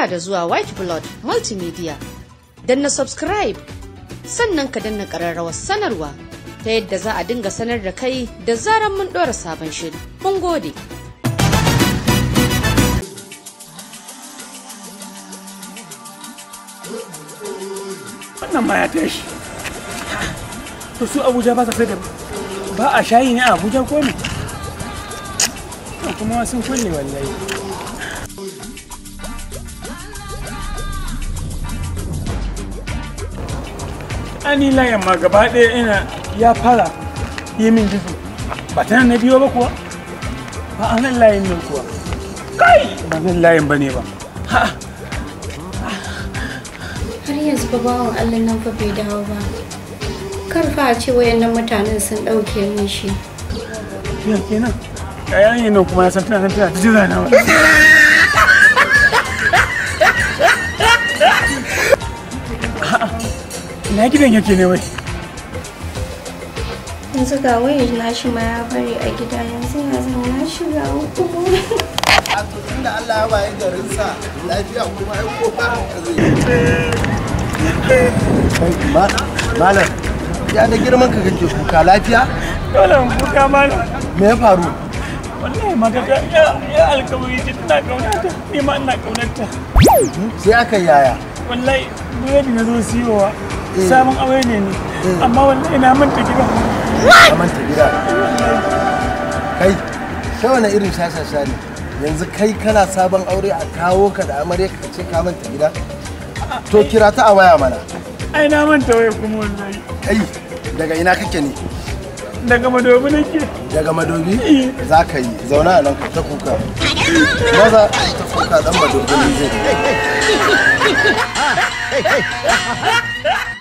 Barka da zuwa White Blood Multimedia. Danna subscribe sannan ka danna ƙararrawar sanarwa ta yadda za a dinga sanar da kai da zaran mun ɗora sabon shiri. Mun gode. Wannan ma ya tashi. To su Abuja ba sa sai da ba a shayi ne a Abuja ko ne? Kuma sun kulle wallahi. ani layan ma gaba ɗaya ina ya fara yi min gizo ba ta na biyo ba kuwa ba a nan layin min kuwa kai ba nan layin ba ne ba har yanzu ba bawan allah nan fa bai dawo ba kar fa a ce wayannan mutanen sun ɗauke min shi ya kenan yi nan kuma ya san tana tana ta jira na wani ina gidan yake ne wai yanzu ga wayar nashi ma ya bari a gida yanzu na zan na shiga uku a to da Allah ya baye garin sa lafiya kuma ya ko ba zai malam ya da girman ka kake kuka lafiya dole in kuka malam me ya faru wallahi magana ya alkawari ce tana kaunata ni ma ina kaunarta sai aka yaya wallahi ne na zo siyowa sabon aure ne ne amma wani ina manta gida a manta gida kai ta wani irin shashasha ne yanzu kai kana sabon aure a kawo ka da amarya ka ce ka manta gida to kira ta a waya mana ai na manta waya kuma wallahi kai daga ina kake ne daga madobi nake daga madobi za ka yi zauna a nan ka ta kuka maza ta kuka dan madobi ne zai